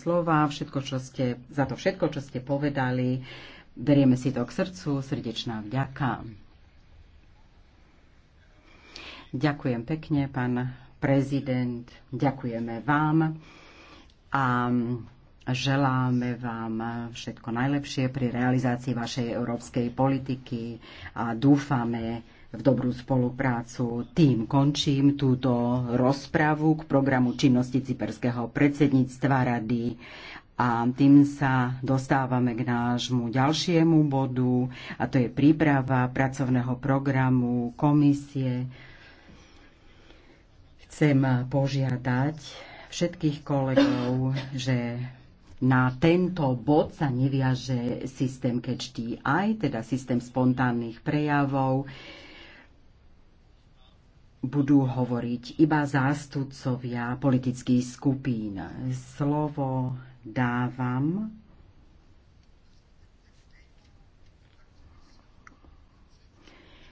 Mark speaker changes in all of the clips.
Speaker 1: slova, všetko, čo ste, za to všetko, čo ste povedali. Berieme si to k srdcu, srdečná vďaka. Ďakujem pekne, pán prezident, ďakujeme vám a želáme vám všetko najlepšie pri realizácii vašej európskej politiky a dúfame, v dobrú spoluprácu. Tým končím túto rozpravu k programu činnosti cyperského predsedníctva rady a tým sa dostávame k nášmu ďalšiemu bodu a to je príprava pracovného programu komisie. Chcem požiadať všetkých kolegov, že na tento bod sa neviaže systém catch aj, teda systém spontánnych prejavov budú hovoriť iba zástupcovia politických skupín. Slovo dávam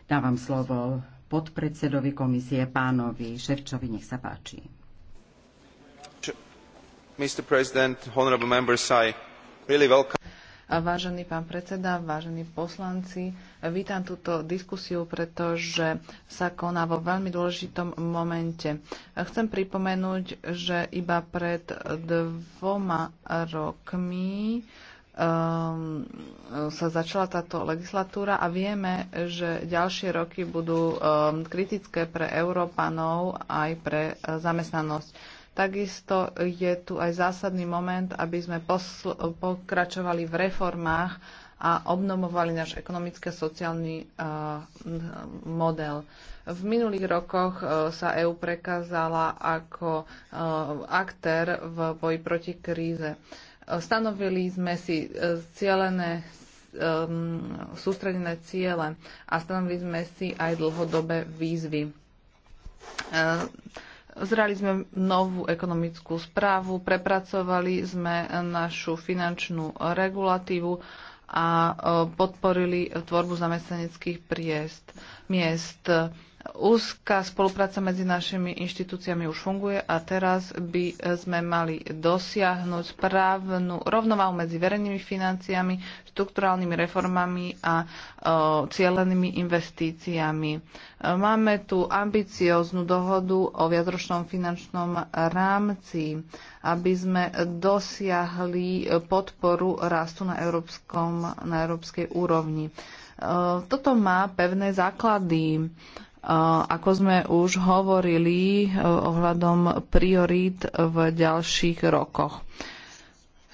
Speaker 1: Dávam slovo podpredsedovi komisie pánovi Ševčovi, nech sa páči. Mr. President, honorable members, I really welcome
Speaker 2: Vážený pán predseda, vážení poslanci, vítam túto diskusiu, pretože sa koná vo veľmi dôležitom momente. Chcem pripomenúť, že iba pred dvoma rokmi um, sa začala táto legislatúra a vieme, že ďalšie roky budú um, kritické pre Európanov aj pre uh, zamestnanosť. Takisto je tu aj zásadný moment, aby sme pokračovali v reformách a obnovovali náš ekonomický a sociálny uh, model. V minulých rokoch uh, sa EÚ prekázala ako uh, aktér v boji proti kríze. Stanovili sme si cieľené um, sústredené ciele a stanovili sme si aj dlhodobé výzvy. Zrali sme novú ekonomickú správu, prepracovali sme našu finančnú regulatívu a e, podporili tvorbu zamestnaneckých priest, miest. Úzka spolupráca medzi našimi inštitúciami už funguje a teraz by sme mali dosiahnuť správnu rovnováhu medzi verejnými financiami, štrukturálnymi reformami a e, cielenými investíciami. E, máme tu ambicióznu dohodu o viacročnom finančnom rámci, aby sme dosiahli podporu rastu na, európskom, na európskej úrovni. E, toto má pevné základy. Ako sme už hovorili e, ohľadom priorít v ďalších rokoch.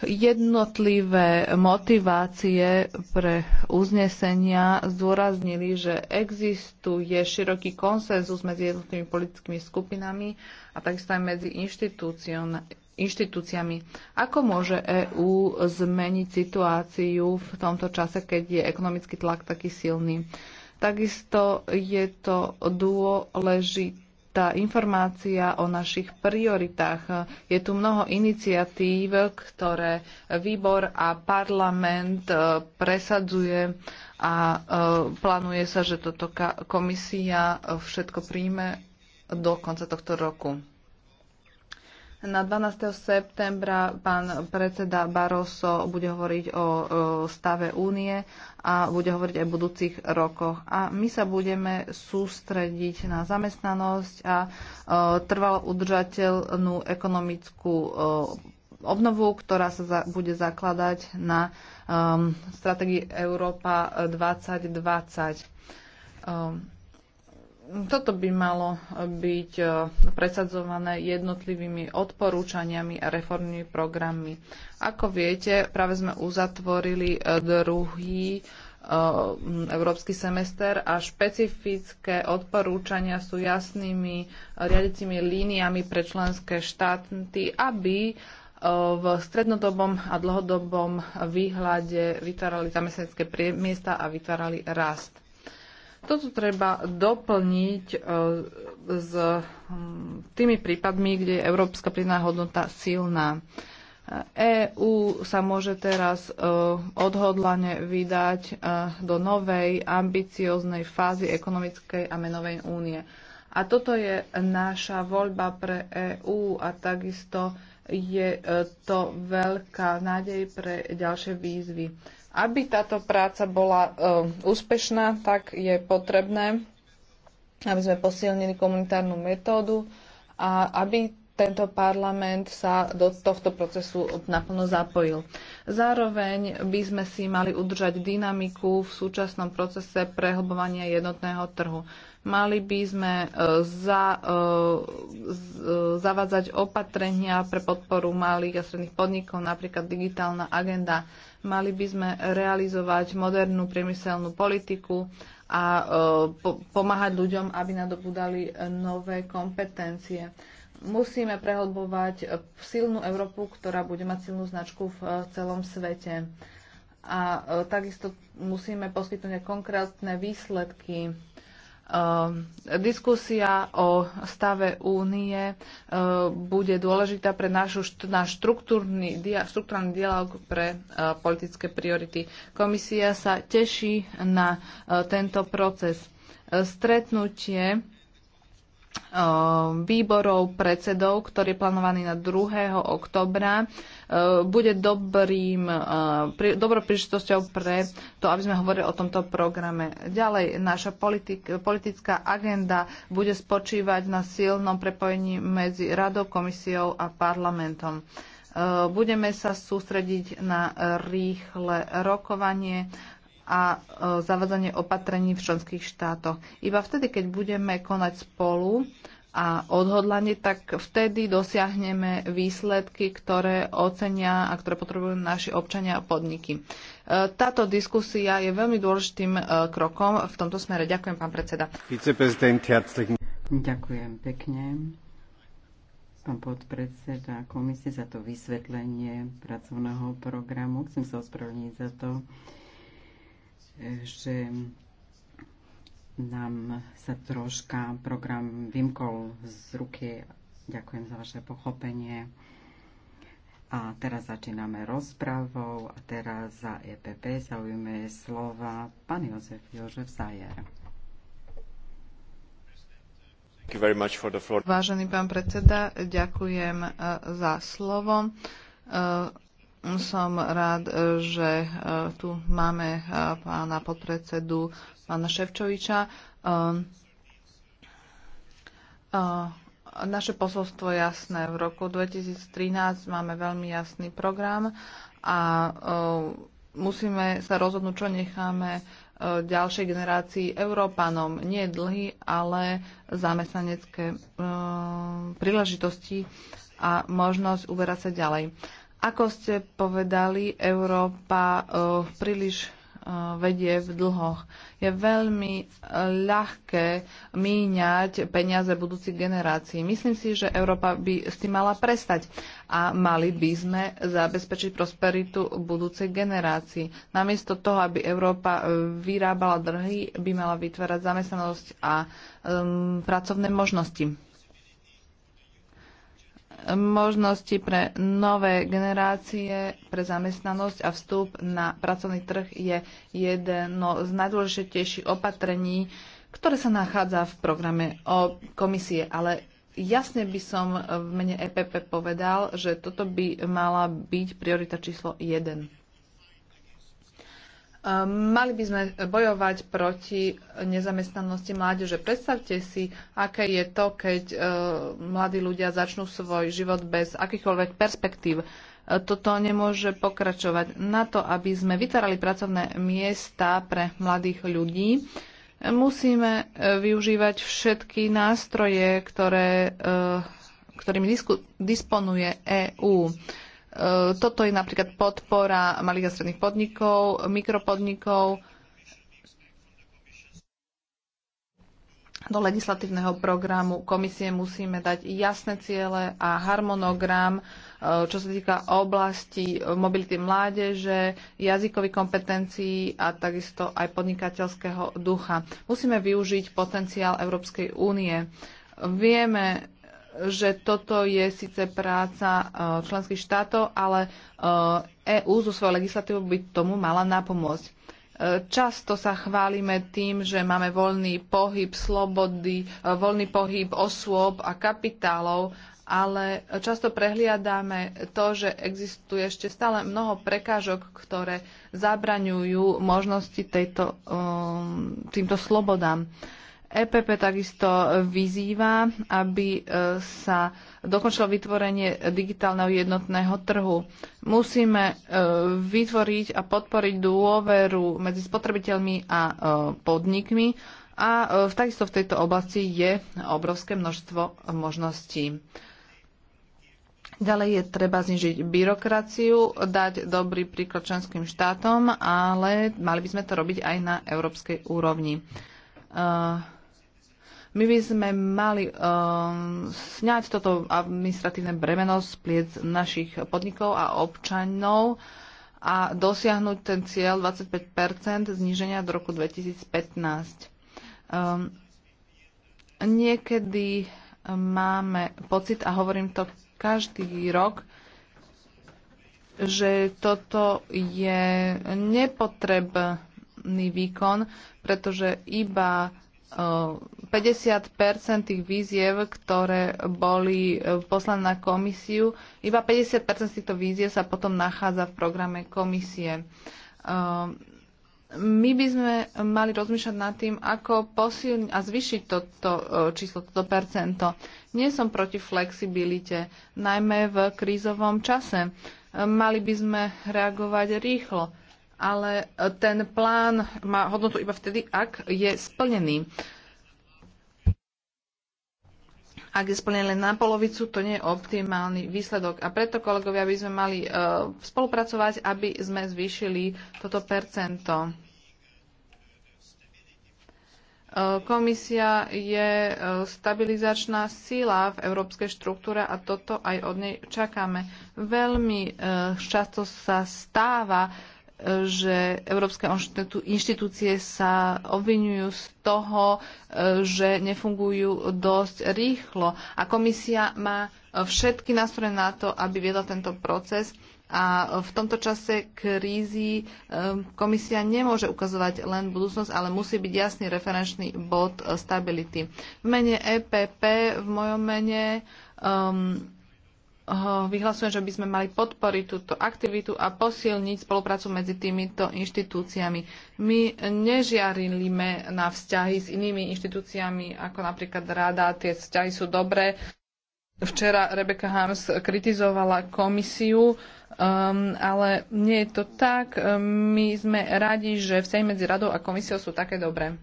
Speaker 2: Jednotlivé motivácie pre uznesenia zdôraznili, že existuje široký konsenzus medzi jednotlivými politickými skupinami a takisto aj medzi inštitúciami. Ako môže EÚ zmeniť situáciu v tomto čase, keď je ekonomický tlak taký silný? Uh, Takisto je to dôležitá informácia o našich prioritách. Je tu mnoho iniciatív, ktoré výbor a parlament e, presadzuje a e, plánuje sa, že toto komisia e, všetko príjme do konca tohto roku. Na 12. septembra pán predseda Barroso bude hovoriť o stave únie a bude hovoriť aj o budúcich rokoch. A my sa budeme sústrediť na zamestnanosť a e, trvalo udržateľnú ekonomickú e, obnovu, ktorá sa bude zakladať na Strategii stratégii Európa 2020 toto by malo byť e, presadzované jednotlivými odporúčaniami a reformnými programmi. Ako viete, práve sme uzatvorili e, druhý e, európsky semester a špecifické odporúčania sú jasnými riadicimi líniami pre členské štáty, aby v strednodobom a dlhodobom výhľade vytvárali zamestnanecké miesta a vytvárali rast. Toto treba doplniť e, s hm, tými prípadmi, kde je európska pridaná hodnota silná. EÚ e sa môže teraz e, odhodlane vydať do novej, ambicioznej fázy ekonomickej a menovej únie. A toto je naša voľba pre EÚ a takisto je e, to veľká nádej pre ďalšie výzvy. Aby táto práca bola e, úspešná, tak je potrebné, aby sme posilnili komunitárnu metódu a aby tento parlament sa do tohto procesu naplno zapojil. Zároveň by sme si mali udržať dynamiku v súčasnom procese prehlbovania jednotného trhu. Mali by sme e, za, e, e, zavádzať opatrenia pre podporu malých a stredných podnikov, napríklad digitálna agenda. Mali by sme realizovať modernú priemyselnú politiku a pomáhať ľuďom, aby nadobudali nové kompetencie musíme prehlbovať silnú Európu, ktorá bude mať silnú značku v celom svete. A takisto musíme poskytnúť konkrétne výsledky Ehm, diskusia o stave únie ehm, bude dôležitá pre náš štruktúrny, štruktúrny dialog pre ehm, politické priority. Komisia sa teší na tento proces. Stretnutie Ehm, výborov predsedov, ktorý je plánovaný na 2. oktobra, ehm, bude dobrým, ehm, dobrou príležitosťou pre to, aby sme hovorili o tomto programe. Ďalej, naša politik, politická agenda bude spočívať na silnom prepojení medzi Radou, komisiou a parlamentom. Budeme sa sústrediť na rýchle rokovanie a e, zavádzanie opatrení v členských štátoch. Iba vtedy, keď budeme konať spolu a odhodlanie, tak vtedy dosiahneme výsledky, ktoré ocenia a ktoré potrebujú naši občania a podniky. E, táto diskusia je veľmi dôležitým e, krokom v tomto smere. Ďakujem, pán predseda.
Speaker 1: Ďakujem pekne. Pán podpredseda komisie za to vysvetlenie pracovného programu. Chcem sa ospravedlniť za to, že nám sa troška program vymkol z ruky. Ďakujem za vaše pochopenie. A teraz začíname rozpravou a teraz za EPP zaujíme slova pán Jozef
Speaker 2: Jožef Zajer. Vážený pán predseda, ďakujem e, za slovo. E, som rád, e, že e, tu máme e, pána podpredsedu, pána Ševčoviča. Ehm, naše posolstvo je jasné. V roku 2013 máme veľmi jasný program a musíme sa rozhodnúť, čo necháme ďalšej generácii Európanom. Nie dlhy, ale zamestnanecké príležitosti a možnosť uberať sa ďalej. Ako ste povedali, Európa eh, príliš eh, vedie v dlhoch. Je veľmi eh, ľahké míňať peniaze budúcich generácií. Myslím si, že Európa by s tým mala prestať a mali by sme zabezpečiť prosperitu budúcej generácii. Namiesto toho, aby Európa vyrábala drhy, by mala vytvárať zamestnanosť a um, pracovné možnosti možnosti pre nové generácie pre zamestnanosť a vstup na pracovný trh je jedno z najdôležitejších opatrení, ktoré sa nachádza v programe o komisie. Ale jasne by som v mene EPP povedal, že toto by mala byť priorita číslo 1. Mali by sme bojovať proti nezamestnanosti mládeže. Predstavte si, aké je to, keď e, mladí ľudia začnú svoj život bez akýchkoľvek perspektív. E, toto nemôže pokračovať. Na to, aby sme vytvárali pracovné miesta pre mladých ľudí, musíme e, využívať všetky nástroje, ktoré, ktorými disponuje EÚ. E, toto je napríklad podpora malých a stredných podnikov, mikropodnikov do legislatívneho programu komisie musíme dať jasné ciele a harmonogram, e, čo sa týka oblasti mobility mládeže, jazykových kompetencií a takisto aj podnikateľského ducha. Musíme využiť potenciál Európskej únie. Vieme, že toto je síce práca e, členských štátov, ale EÚ zo e svojou legislatívou by tomu mala napomôcť. E, často sa chválime tým, že máme voľný pohyb slobody, voľný pohyb osôb a kapitálov, ale často prehliadáme to, že existuje ešte stále mnoho prekážok, ktoré zabraňujú možnosti tejto, týmto slobodám. EPP takisto vyzýva, aby e, sa dokončilo vytvorenie digitálneho jednotného trhu. Musíme e, vytvoriť a podporiť dôveru medzi spotrebiteľmi a e, podnikmi a takisto v tejto oblasti je obrovské množstvo možností. Ďalej je treba znižiť byrokraciu, dať dobrý príklad členským štátom, ale mali by sme to robiť aj na európskej úrovni. Uh, my by sme mali uh, sňať toto administratívne bremeno z pliec našich podnikov a občanov a dosiahnuť ten cieľ 25 zníženia do roku 2015. Um, niekedy máme pocit, a hovorím to každý rok, že toto je nepotrebný výkon, pretože iba 50 tých výziev, ktoré boli eh, poslané na komisiu, iba 50 z týchto víziev sa potom nachádza v programe komisie. Eh, my by sme mali rozmýšľať nad tým, ako posilniť a zvyšiť toto eh, číslo, toto percento. Nie som proti flexibilite, najmä v krízovom čase. Mali by sme reagovať rýchlo ale e, ten plán má hodnotu iba vtedy, ak je splnený. Ak je splnený len na polovicu, to nie je optimálny výsledok. A preto, kolegovia, by sme mali uh, spolupracovať, aby sme zvýšili toto percento. E, komisia je stabilizačná síla v európskej štruktúre a toto aj od nej čakáme. Veľmi často sa stáva, že európske inštitúcie sa obvinujú z toho, e, že nefungujú dosť rýchlo. A komisia má všetky nástroje na to, aby viedla tento proces. A v tomto čase krízy e, komisia nemôže ukazovať len budúcnosť, ale musí byť jasný referenčný bod stability. V mene EPP, v mojom mene, um, vyhlasujem, že by sme mali podporiť túto aktivitu a posilniť spoluprácu medzi týmito inštitúciami. My nežiarilíme na vzťahy s inými inštitúciami, ako napríklad rada, tie vzťahy sú dobré. Včera Rebecca Harms kritizovala komisiu, um, ale nie je to tak. Um, my sme radi, že vzťahy medzi radou a komisiou sú také dobré.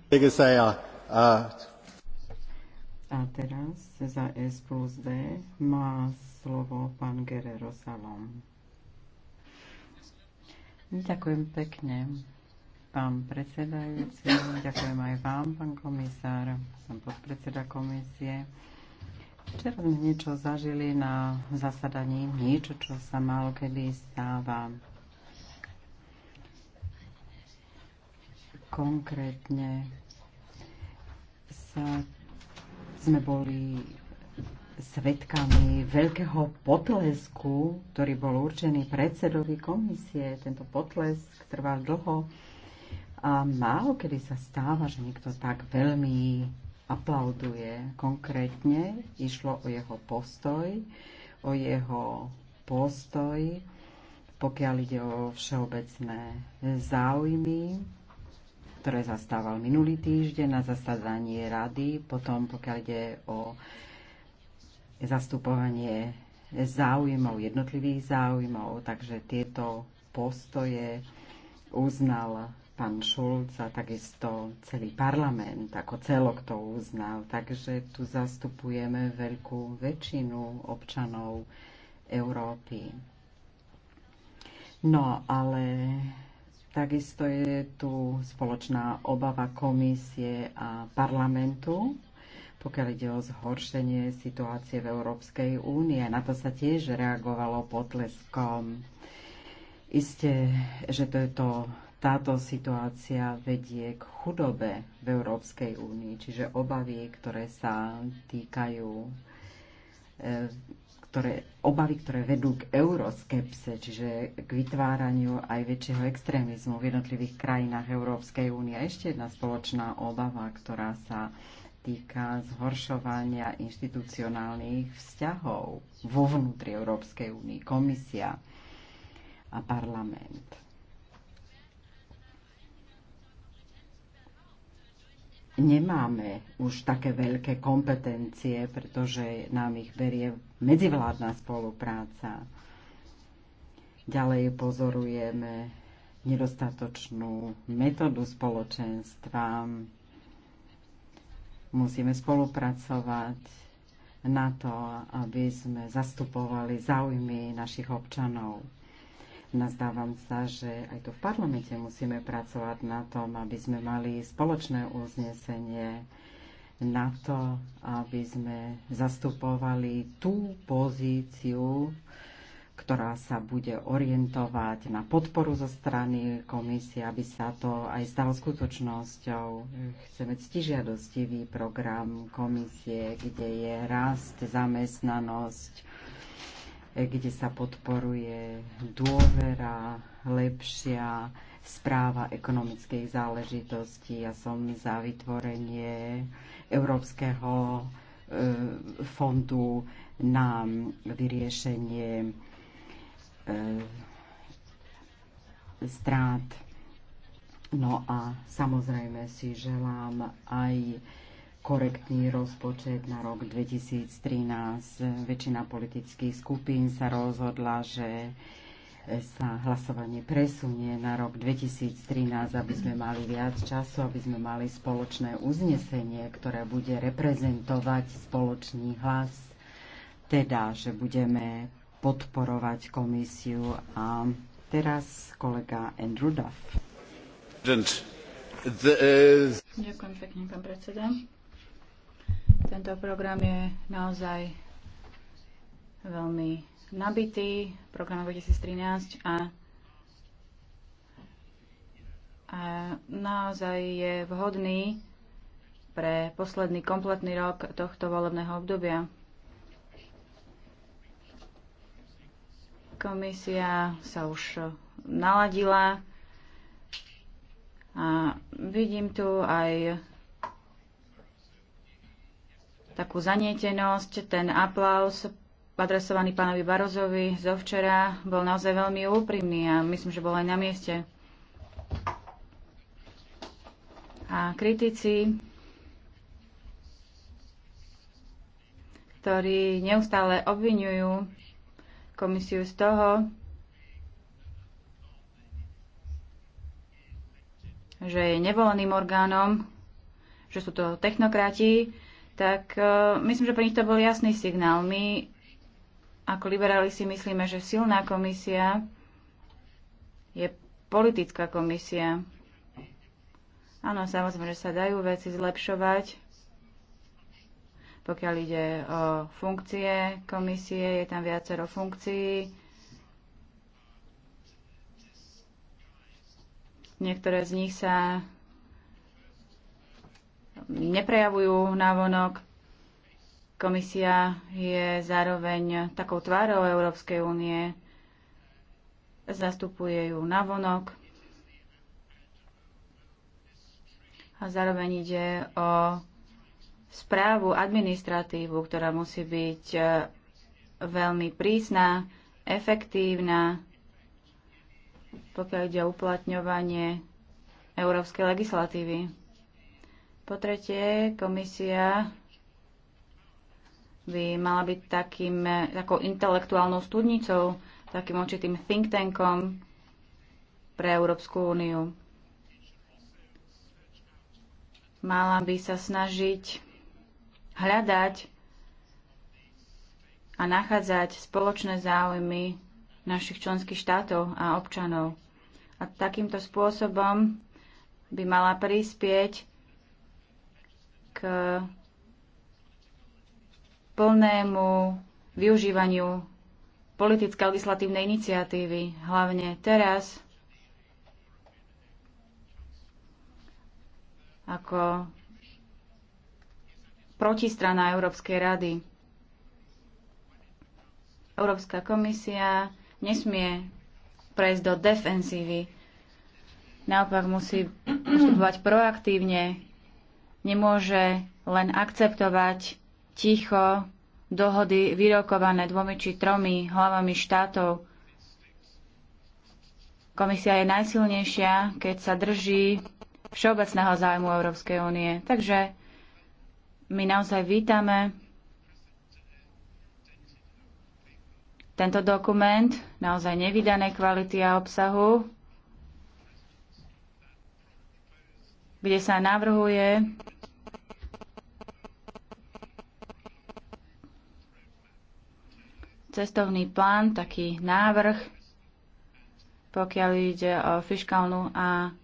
Speaker 1: A teraz za S plus má slovo pán Gerero Salom. Ďakujem pekne, pán predsedajúci. Ďakujem aj vám, pán komisár, som podpredseda komisie. Včera sme niečo zažili na zasadaní, niečo, čo sa málo kedy stáva. Konkrétne sa, sme boli svetkami veľkého potlesku, ktorý bol určený predsedovi komisie. Tento potlesk trval dlho a málo kedy sa stáva, že niekto tak veľmi aplauduje. Konkrétne išlo o jeho postoj, o jeho postoj, pokiaľ ide o všeobecné záujmy ktoré zastával minulý týždeň na zasadaní rady, potom pokiaľ ide o zastupovanie záujmov, jednotlivých záujmov, takže tieto postoje uznal pán Šulc a takisto celý parlament ako celok to uznal. Takže tu zastupujeme veľkú väčšinu občanov Európy. No ale takisto je tu spoločná obava komisie a parlamentu pokiaľ ide o zhoršenie situácie v Európskej únie. Na to sa tiež reagovalo potleskom. Isté, že to je to, táto situácia vedie k chudobe v Európskej únii, čiže obavy, ktoré sa týkajú e, ktoré, obavy, ktoré vedú k euroskepse, čiže k vytváraniu aj väčšieho extrémizmu v jednotlivých krajinách Európskej únie. Ešte jedna spoločná obava, ktorá sa týka zhoršovania inštitucionálnych vzťahov vo vnútri Európskej únie, komisia a parlament. Nemáme už také veľké kompetencie, pretože nám ich berie medzivládna spolupráca. Ďalej pozorujeme nedostatočnú metódu spoločenstva, Musíme spolupracovať na to, aby sme zastupovali záujmy našich občanov. Nazdávam sa, že aj tu v parlamente musíme pracovať na tom, aby sme mali spoločné uznesenie na to, aby sme zastupovali tú pozíciu, ktorá sa bude orientovať na podporu zo strany komisie, aby sa to aj stalo skutočnosťou. Chceme ctižiadostivý program komisie, kde je rast, zamestnanosť, kde sa podporuje dôvera, lepšia správa ekonomickej záležitosti. Ja som za vytvorenie Európskeho e, fondu na vyriešenie E, strát. No a samozrejme si želám aj korektný rozpočet na rok 2013. Väčšina politických skupín sa rozhodla, že sa hlasovanie presunie na rok 2013, aby sme mali viac času, aby sme mali spoločné uznesenie, ktoré bude reprezentovať spoločný hlas, teda, že budeme podporovať komisiu. A teraz kolega Andrew Duff. Ďakujem
Speaker 3: pekne, pán predseda. Tento program je naozaj veľmi nabitý, program 2013 a a naozaj je vhodný pre posledný kompletný rok tohto volebného obdobia. Komisia sa už naladila a vidím tu aj takú zanietenosť. Ten aplaus adresovaný pánovi Barozovi zo včera bol naozaj veľmi úprimný a myslím, že bol aj na mieste. A kritici ktorí neustále obvinujú komisiu z toho, že je nevoleným orgánom, že sú to technokrati, tak e, myslím, že pre nich to bol jasný signál. My ako liberáli si myslíme, že silná komisia je politická komisia. Áno, samozrejme, že sa dajú veci zlepšovať, pokiaľ ide o funkcie komisie, je tam viacero funkcií. Niektoré z nich sa neprejavujú vonok. Komisia je zároveň takou tvárou Európskej únie, zastupuje ju navonok a zároveň ide o správu, administratívu, ktorá musí byť e, veľmi prísna, efektívna, pokiaľ ide o uplatňovanie európskej legislatívy. Po tretie, komisia by mala byť takým, e, takou intelektuálnou studnicou, takým určitým think tankom pre Európsku úniu. Mala by sa snažiť hľadať a nachádzať spoločné záujmy našich členských štátov a občanov. A takýmto spôsobom by mala prispieť k plnému využívaniu politické legislatívnej iniciatívy, hlavne teraz, ako protistrana Európskej rady. Európska komisia nesmie prejsť do defenzívy. Naopak musí postupovať proaktívne. Nemôže len akceptovať ticho dohody vyrokované dvomi či tromi hlavami štátov. Komisia je najsilnejšia, keď sa drží všeobecného zájmu Európskej únie. Takže my naozaj vítame tento dokument, naozaj nevydané kvality a obsahu, kde sa navrhuje cestovný plán, taký návrh, pokiaľ ide o fiskálnu a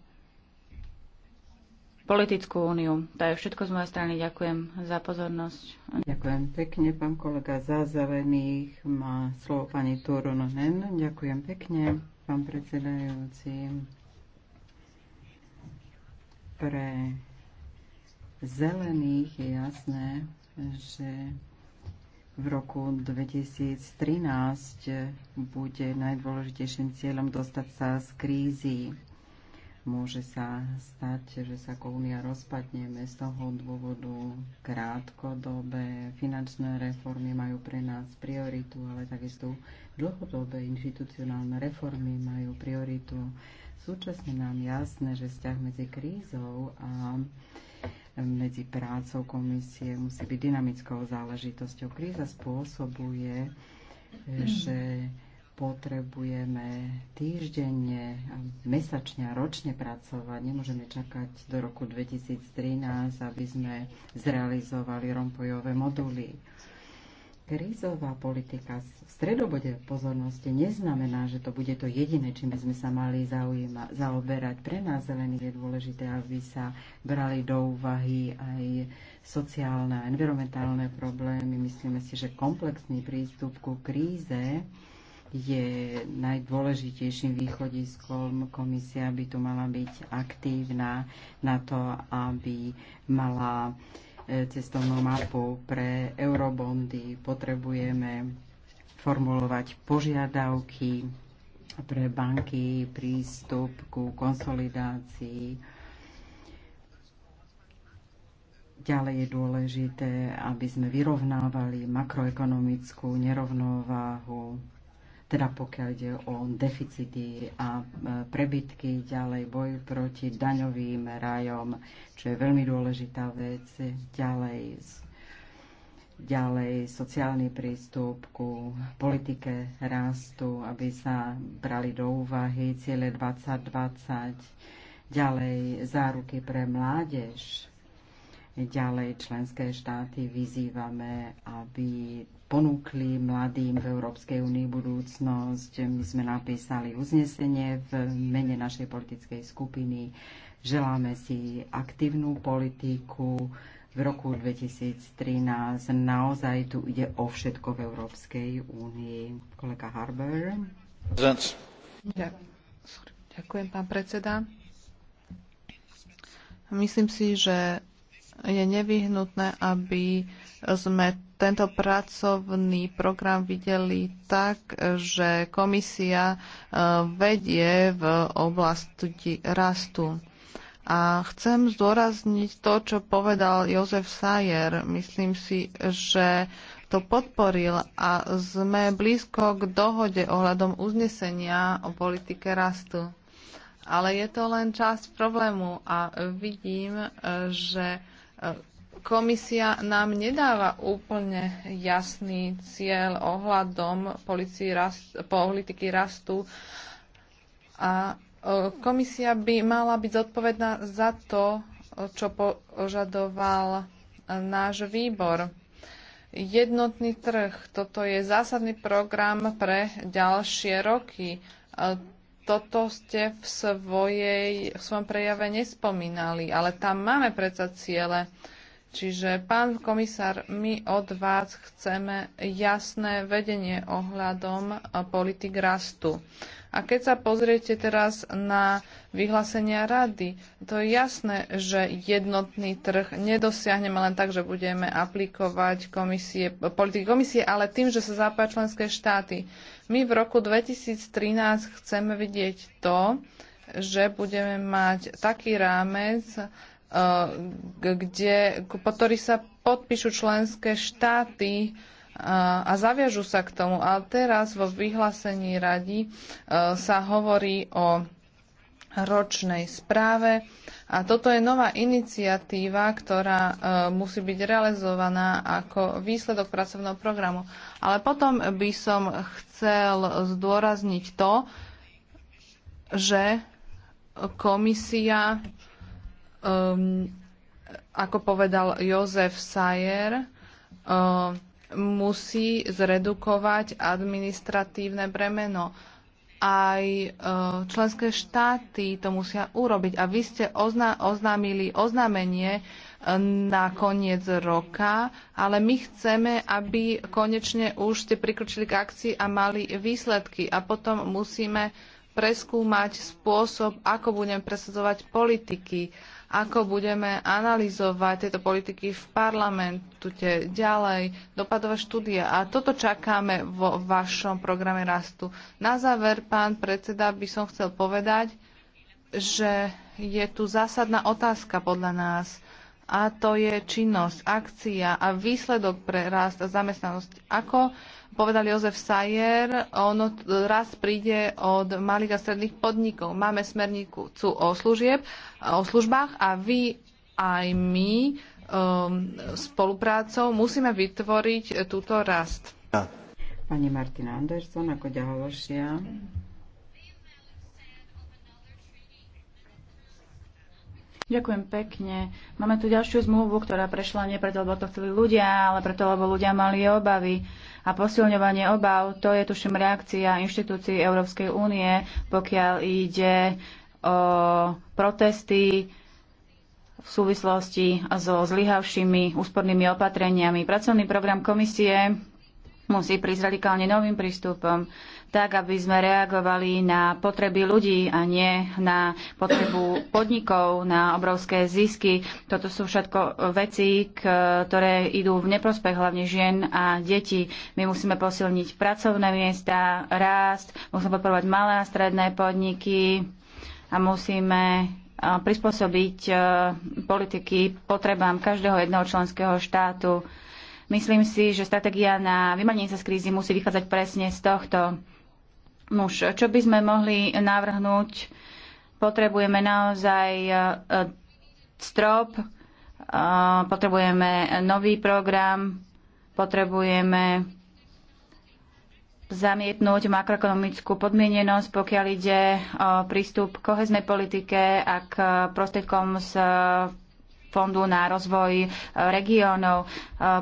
Speaker 3: politickú úniu. To je všetko z mojej strany. Ďakujem za pozornosť.
Speaker 1: Ďakujem pekne, pán kolega. Za zelených má slovo pani Turunen. Ďakujem pekne, pán predsedajúci. Pre zelených je jasné, že v roku 2013 bude najdôležitejším cieľom dostať sa z krízy Môže sa stať, že sa kolónia rozpadne z toho dôvodu krátkodobé finančné reformy majú pre nás prioritu, ale takisto dlhodobé inštitucionálne reformy majú prioritu. Súčasne nám jasné, že vzťah medzi krízou a medzi prácou komisie musí byť dynamickou záležitosťou. Kríza spôsobuje, že potrebujeme týždenne, mesačne a ročne pracovať. Nemôžeme čakať do roku 2013, aby sme zrealizovali rompojové moduly. Krízová politika v stredobode pozornosti neznamená, že to bude to jediné, čím by sme sa mali zaujíma, zaoberať. Pre nás zelených je dôležité, aby sa brali do úvahy aj sociálne a environmentálne problémy. Myslíme si, že komplexný prístup ku kríze je najdôležitejším východiskom. Komisia by tu mala byť aktívna na to, aby mala e, cestovnú mapu pre eurobondy. Potrebujeme formulovať požiadavky pre banky, prístup ku konsolidácii Ďalej je dôležité, aby sme vyrovnávali makroekonomickú nerovnováhu teda pokiaľ ide o deficity a e, prebytky, ďalej boj proti daňovým rajom, čo je veľmi dôležitá vec, ďalej ďalej sociálny prístup ku politike rastu, aby sa brali do úvahy ciele 2020, ďalej záruky pre mládež, Ďalej členské štáty vyzývame, aby ponúkli mladým v Európskej únii budúcnosť. My sme napísali uznesenie v mene našej politickej skupiny. Želáme si aktívnu politiku. V roku 2013 naozaj tu ide o všetko v Európskej únii. Kolega Harber.
Speaker 2: Ďakujem, pán predseda. Myslím si, že je nevyhnutné, aby sme tento pracovný program videli tak, že komisia e, vedie v oblasti rastu. A chcem zdôrazniť to, čo povedal Jozef Sayer. Myslím si, že to podporil a sme blízko k dohode ohľadom uznesenia o politike rastu. Ale je to len časť problému a vidím, e, že Komisia nám nedáva úplne jasný cieľ ohľadom rast, politiky rastu a e, komisia by mala byť zodpovedná za to, čo požadoval e, náš výbor. Jednotný trh, toto je zásadný program pre ďalšie roky e, toto ste v, svojej, v svojom prejave nespomínali, ale tam máme predsa ciele. Čiže, pán komisár, my od vás chceme jasné vedenie ohľadom eh, politik rastu. A keď sa pozriete teraz na vyhlásenia rady, to je jasné, že jednotný trh nedosiahneme len tak, že budeme aplikovať komisie, politiky komisie, ale tým, že sa zapája členské štáty. My v roku 2013 chceme vidieť to, že budeme mať taký rámec, e, kde, po ktorý sa podpíšu členské štáty a zaviažu sa k tomu. ale teraz vo vyhlásení radi e, sa hovorí o ročnej správe. A toto je nová iniciatíva, ktorá e, musí byť realizovaná ako výsledok pracovného programu. Ale potom by som chcel zdôrazniť to, že komisia, e, ako povedal Jozef Sayer, musí zredukovať administratívne bremeno. Aj e, členské štáty to musia urobiť. A vy ste oznámili oznámenie e, na koniec roka, ale my chceme, aby konečne už ste prikročili k akcii a mali výsledky. A potom musíme preskúmať spôsob, ako budeme presadzovať politiky ako budeme analyzovať tieto politiky v parlamentu ďalej, dopadové štúdie. A toto čakáme vo vašom programe rastu. Na záver, pán predseda, by som chcel povedať, že je tu zásadná otázka podľa nás – a to je činnosť, akcia a výsledok pre rast a zamestnanosť. Ako povedal Jozef Sayer, ono rast príde od malých a stredných podnikov. Máme smernicu o, služieb, o službách a vy aj my um, spoluprácou musíme vytvoriť túto rast.
Speaker 1: Pani Martina Anderson, ako ďalšia.
Speaker 3: Ďakujem pekne. Máme tu ďalšiu zmluvu, ktorá prešla nie preto, lebo to chceli ľudia, ale preto, lebo ľudia mali obavy. A posilňovanie obav, to je tuším reakcia inštitúcií Európskej únie, pokiaľ ide o protesty v súvislosti so zlyhavšími úspornými opatreniami. Pracovný program komisie musí prísť radikálne novým prístupom, tak aby sme reagovali na potreby ľudí a nie na potrebu podnikov, na obrovské zisky. Toto sú všetko veci, ktoré idú v neprospech hlavne žien a detí. My musíme posilniť pracovné miesta, rást, musíme podporovať malé a stredné podniky a musíme prispôsobiť politiky potrebám každého jedného členského štátu. Myslím si, že stratégia na vymanenie sa z krízy musí vychádzať presne z tohto. Nuž, čo by sme mohli navrhnúť? Potrebujeme naozaj e, strop, e, potrebujeme nový program, potrebujeme zamietnúť makroekonomickú podmienenosť, pokiaľ ide o prístup k koheznej politike a k prostriedkom z fondu na rozvoj e, regiónov. E,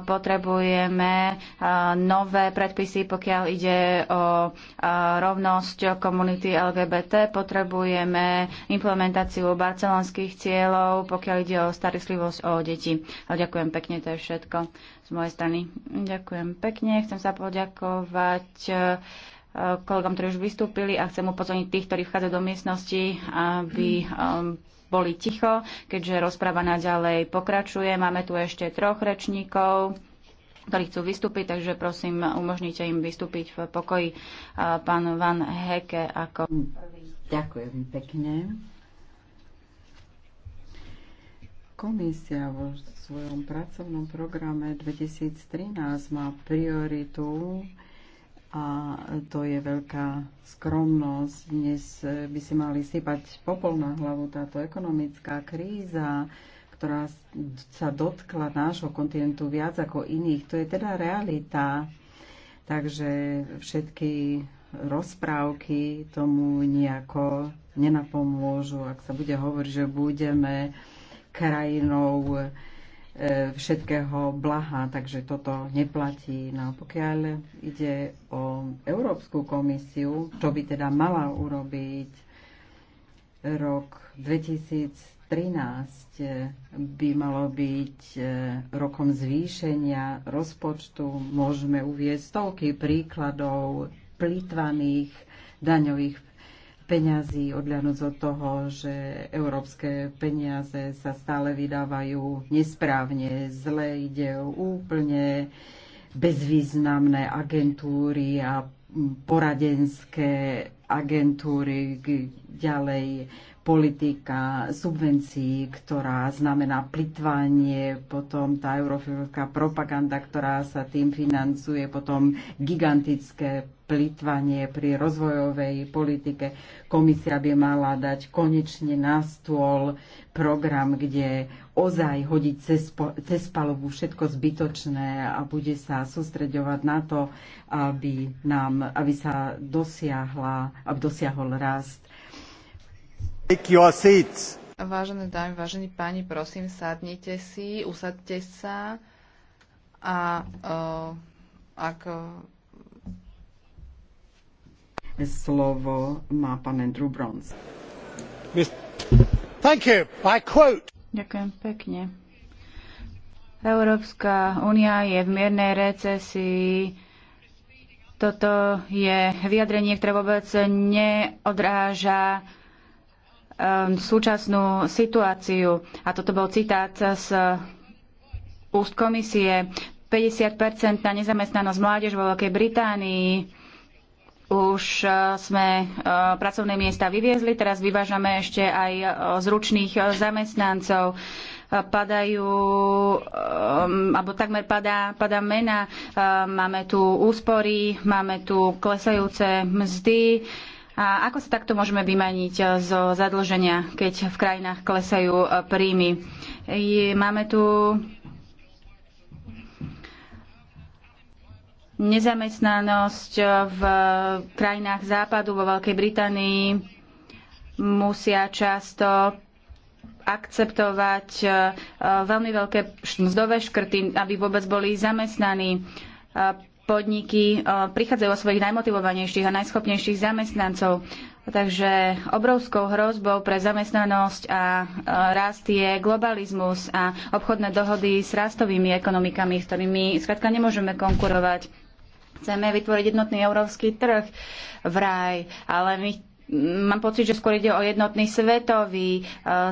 Speaker 3: potrebujeme e, nové predpisy, pokiaľ ide o rovnosť komunity LGBT. Potrebujeme implementáciu barcelonských cieľov, pokiaľ ide o starostlivosť o deti. Ďakujem pekne, to je všetko z mojej strany. Ďakujem pekne. Chcem sa poďakovať kolegom, ktorí už vystúpili a chcem upozorniť tých, ktorí vchádzajú do miestnosti, aby boli ticho, keďže rozpráva naďalej pokračuje. Máme tu ešte troch rečníkov ktorí chcú vystúpiť, takže prosím, umožnite im vystúpiť v pokoji. Pán Van Heke ako prvý.
Speaker 1: Ďakujem pekne. Komisia vo svojom pracovnom programe 2013 má prioritu a to je veľká skromnosť. Dnes by si mali sypať popol na hlavu táto ekonomická kríza, ktorá sa dotkla nášho kontinentu viac ako iných. To je teda realita. Takže všetky rozprávky tomu nejako nenapomôžu, ak sa bude hovoriť, že budeme krajinou E, všetkého blaha, takže toto neplatí. No pokiaľ ide o Európsku komisiu, čo by teda mala urobiť rok 2013 e, by malo byť e, rokom zvýšenia rozpočtu. Môžeme uvieť stovky príkladov plýtvaných daňových peňazí, odľanúť od toho, že európske peniaze sa stále vydávajú nesprávne, zle ide úplne bezvýznamné agentúry a poradenské agentúry, ďalej politika subvencií, ktorá znamená plitvanie, potom tá eurofilská propaganda, ktorá sa tým financuje, potom gigantické plýtvanie pri rozvojovej politike. Komisia by mala dať konečne na stôl program, kde ozaj hodiť cez, cez palubu všetko zbytočné a bude sa sústreďovať na to, aby, nám, aby sa dosiahla, aby dosiahol rast. Take your seats.
Speaker 2: Vážené dámy, vážení páni, prosím, sadnite si, usadte sa a uh, ak
Speaker 1: Slovo má pán Andrew Brons.
Speaker 3: Thank you. I quote. Ďakujem pekne. Európska únia je v miernej recesii. Toto je vyjadrenie, ktoré vôbec neodráža um, súčasnú situáciu. A toto bol citát z úst komisie. 50% na nezamestnanosť mládež vo Veľkej Británii už eh, sme eh, pracovné miesta vyviezli, teraz vyvážame ešte aj eh, zručných zamestnancov padajú, alebo takmer padá, padá mena. Máme tu úspory, máme tu klesajúce mzdy. A ako sa takto môžeme vymaniť zo zadlženia, keď v krajinách klesajú príjmy? Máme tu Nezamestnanosť v krajinách západu, vo Veľkej Británii musia často akceptovať e, veľmi veľké mzdové škrty, aby vôbec boli zamestnaní e, podniky e, prichádzajú o svojich najmotivovanejších a najschopnejších zamestnancov. Takže obrovskou hrozbou pre zamestnanosť a rast je globalizmus a obchodné dohody s rastovými ekonomikami, s ktorými skrátka nemôžeme konkurovať. Chceme vytvoriť jednotný európsky trh v raj, ale my Mám pocit, že skôr ide o jednotný svetový e,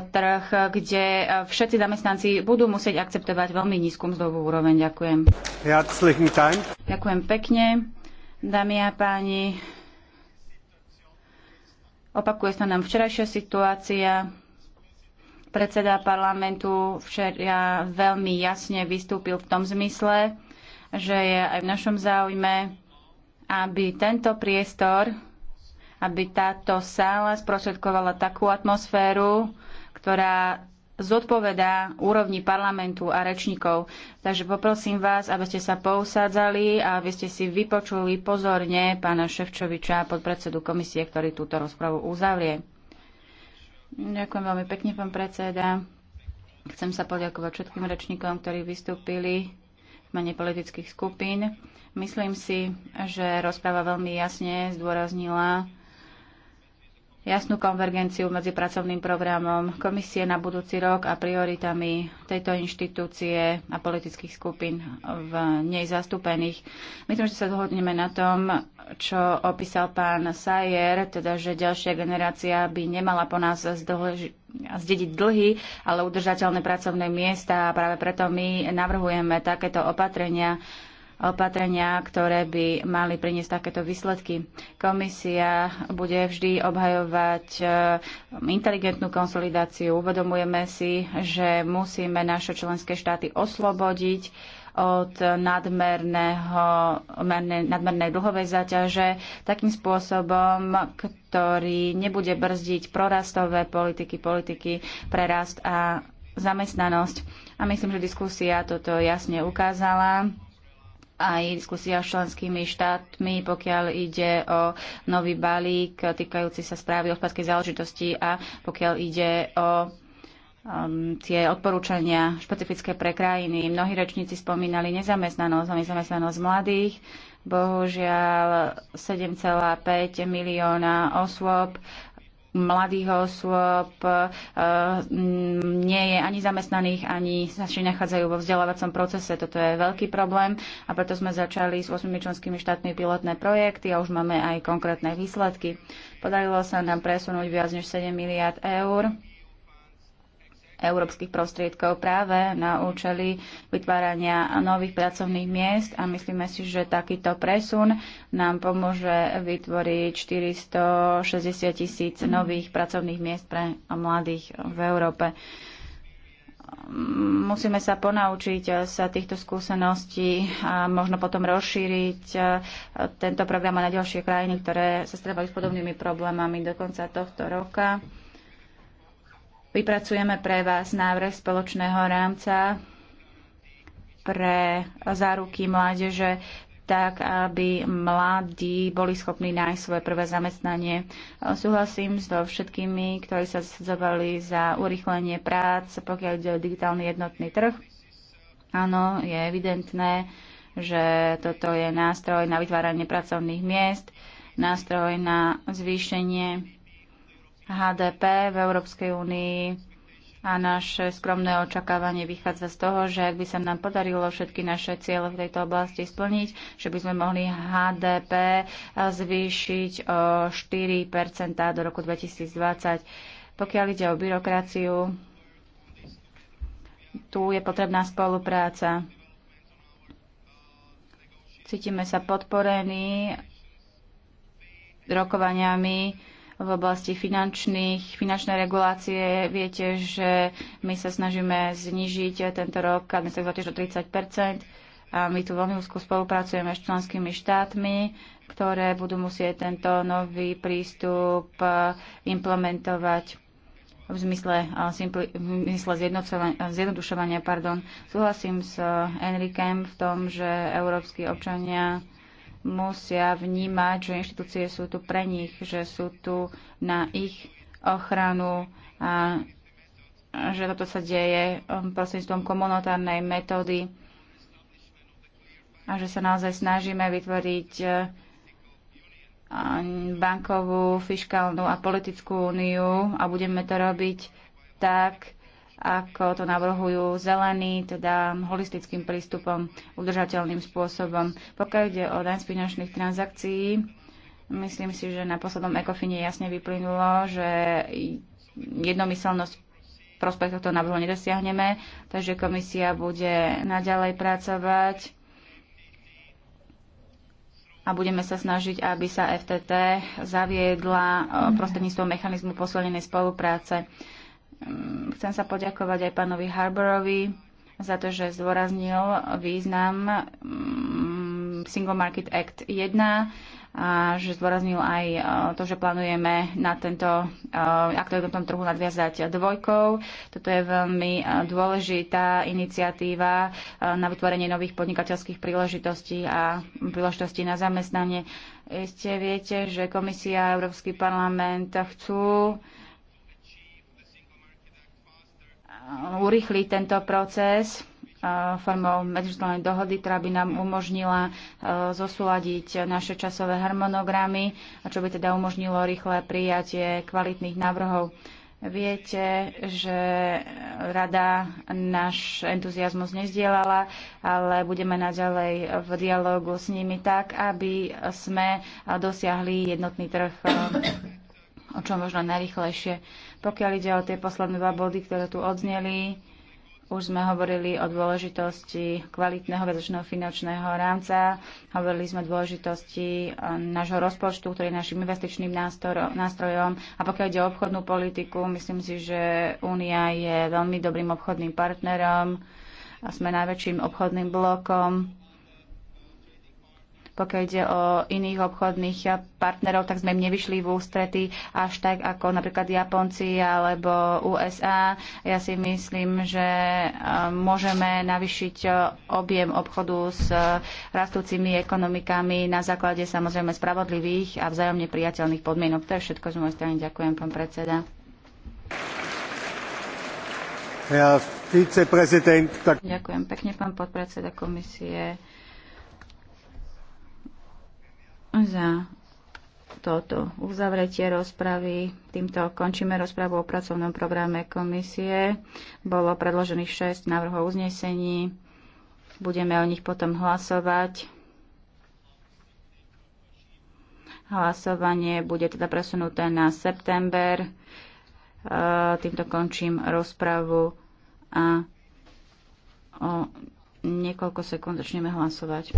Speaker 3: trh, kde e, všetci zamestnanci budú musieť akceptovať veľmi nízku mzdovú úroveň. Ďakujem. Ďakujem pekne, dámy a páni. Opakuje sa nám včerajšia situácia. Predseda parlamentu včera veľmi jasne vystúpil v tom zmysle, že je aj v našom záujme, aby tento priestor, aby táto sála sprostredkovala takú atmosféru, ktorá zodpovedá úrovni parlamentu a rečníkov. Takže poprosím vás, aby ste sa pousádzali a aby ste si vypočuli pozorne pána Ševčoviča, podpredsedu komisie, ktorý túto rozpravu uzavrie. Ďakujem veľmi pekne, pán predseda. Chcem sa poďakovať všetkým rečníkom, ktorí vystúpili mene politických skupín. Myslím si, že rozpráva veľmi jasne zdôraznila jasnú konvergenciu medzi pracovným programom komisie na budúci rok a prioritami tejto inštitúcie a politických skupín v nej zastúpených. Myslím, že sa zhodneme na tom, čo opísal pán Sayer, teda, že ďalšia generácia by nemala po nás zdlži- zdediť dlhy, ale udržateľné pracovné miesta a práve preto my navrhujeme takéto opatrenia, opatrenia, ktoré by mali priniesť takéto výsledky. Komisia bude vždy obhajovať e, inteligentnú konsolidáciu. Uvedomujeme si, že musíme naše členské štáty oslobodiť od nadmernej dlhovej záťaže takým spôsobom, ktorý nebude brzdiť prorastové politiky, politiky pre rast a zamestnanosť. A myslím, že diskusia toto jasne ukázala aj diskusia s členskými štátmi, pokiaľ ide o nový balík týkajúci sa správy o hospodárskej záležitosti a pokiaľ ide o um, tie odporúčania špecifické pre krajiny. Mnohí rečníci spomínali nezamestnanosť, a nezamestnanosť mladých. Bohužiaľ 7,5 milióna osôb mladých osôb e, nie je ani zamestnaných, ani sa nachádzajú vo vzdelávacom procese. Toto je veľký problém a preto sme začali s 8 členskými štátmi pilotné projekty a už máme aj konkrétne výsledky. Podarilo sa nám presunúť viac než 7 miliard eur európskych prostriedkov práve na účely vytvárania nových pracovných miest a myslíme si, že takýto presun nám pomôže vytvoriť 460 tisíc nových pracovných miest pre mladých v Európe musíme sa ponaučiť sa týchto skúseností a možno potom rozšíriť tento program na ďalšie krajiny, ktoré sa stretávajú s podobnými problémami do konca tohto roka. Vypracujeme pre vás návrh spoločného rámca pre záruky mládeže, tak aby mladí boli schopní nájsť svoje prvé zamestnanie. Súhlasím so všetkými, ktorí sa zasadzovali za urýchlenie prác, pokiaľ ide o digitálny jednotný trh. Áno, je evidentné, že toto je nástroj na vytváranie pracovných miest, nástroj na zvýšenie HDP v Európskej únii a naše skromné očakávanie vychádza z toho, že ak by sa nám podarilo všetky naše ciele v tejto oblasti splniť, že by sme mohli HDP eh, zvýšiť o 4 do roku 2020. Pokiaľ ide o byrokraciu, tu je potrebná spolupráca. Cítime sa podporení rokovaniami v oblasti finančných, finančnej regulácie. Viete, že my sa snažíme znižiť tento rok administratívnu záťaž o 30 a my tu veľmi úzko spolupracujeme s členskými štátmi, ktoré budú musieť tento nový prístup eh, implementovať v zmysle, eh, v zmysle zjednodušovania. Pardon. Súhlasím s eh, Enrikem v tom, že európsky občania musia vnímať, že inštitúcie sú tu pre nich, že sú tu na ich ochranu a že toto sa deje um, prostredníctvom komunitárnej metódy a že sa naozaj snažíme vytvoriť uh, um, bankovú, fiskálnu a politickú úniu a budeme to robiť tak, ako to navrhujú zelení, teda holistickým prístupom, udržateľným spôsobom. Pokiaľ ide o daň z finančných transakcií, myslím si, že na poslednom ECOFINE jasne vyplynulo, že jednomyselnosť prospech tohto návrhu nedosiahneme, takže komisia bude naďalej pracovať a budeme sa snažiť, aby sa FTT zaviedla eh, prostredníctvom mechanizmu posilnenej spolupráce. Ehm, chcem sa poďakovať aj pánovi Harborovi za to, že zdôraznil význam ehm, Single Market Act 1 a že zdôraznil aj e, to, že plánujeme na tento e, je na tom trhu nadviazať dvojkou. Toto je veľmi e, dôležitá iniciatíva na vytvorenie nových podnikateľských príležitostí a príležitostí na zamestnanie. Ešte viete, že Komisia a Európsky parlament chcú urýchli tento proces e, formou medzištátnej dohody, ktorá by nám umožnila e, zosúľadiť naše časové harmonogramy, čo by teda umožnilo rýchle prijatie kvalitných návrhov. Viete, že rada náš entuziasmus nezdielala, ale budeme naďalej v dialogu s nimi tak, aby sme dosiahli jednotný trh e, o čo možno najrychlejšie. Pokiaľ ide o tie posledné dva body, ktoré tu odzneli, už sme hovorili o dôležitosti kvalitného väzočného finančného rámca, hovorili sme o dôležitosti e, nášho rozpočtu, ktorý je našim investičným nástrojom. A pokiaľ ide o obchodnú politiku, myslím si, že Únia je veľmi dobrým obchodným partnerom a sme najväčším obchodným blokom pokiaľ ide o iných obchodných partnerov, tak sme im nevyšli v ústrety až tak ako napríklad Japonci alebo USA. Ja si myslím, že eh, môžeme navyšiť eh, objem obchodu s eh, rastúcimi ekonomikami na základe samozrejme spravodlivých a vzájomne priateľných podmienok. To je všetko z mojej strany. Ďakujem, pán predseda. Ďakujem pekne, pán podpredseda komisie za toto uzavretie rozpravy. Týmto končíme rozpravu o pracovnom programe komisie. Bolo predložených 6 návrhov uznesení. Budeme o nich potom hlasovať. Hlasovanie bude teda presunuté na september. E, týmto končím rozpravu a o niekoľko sekúnd začneme hlasovať.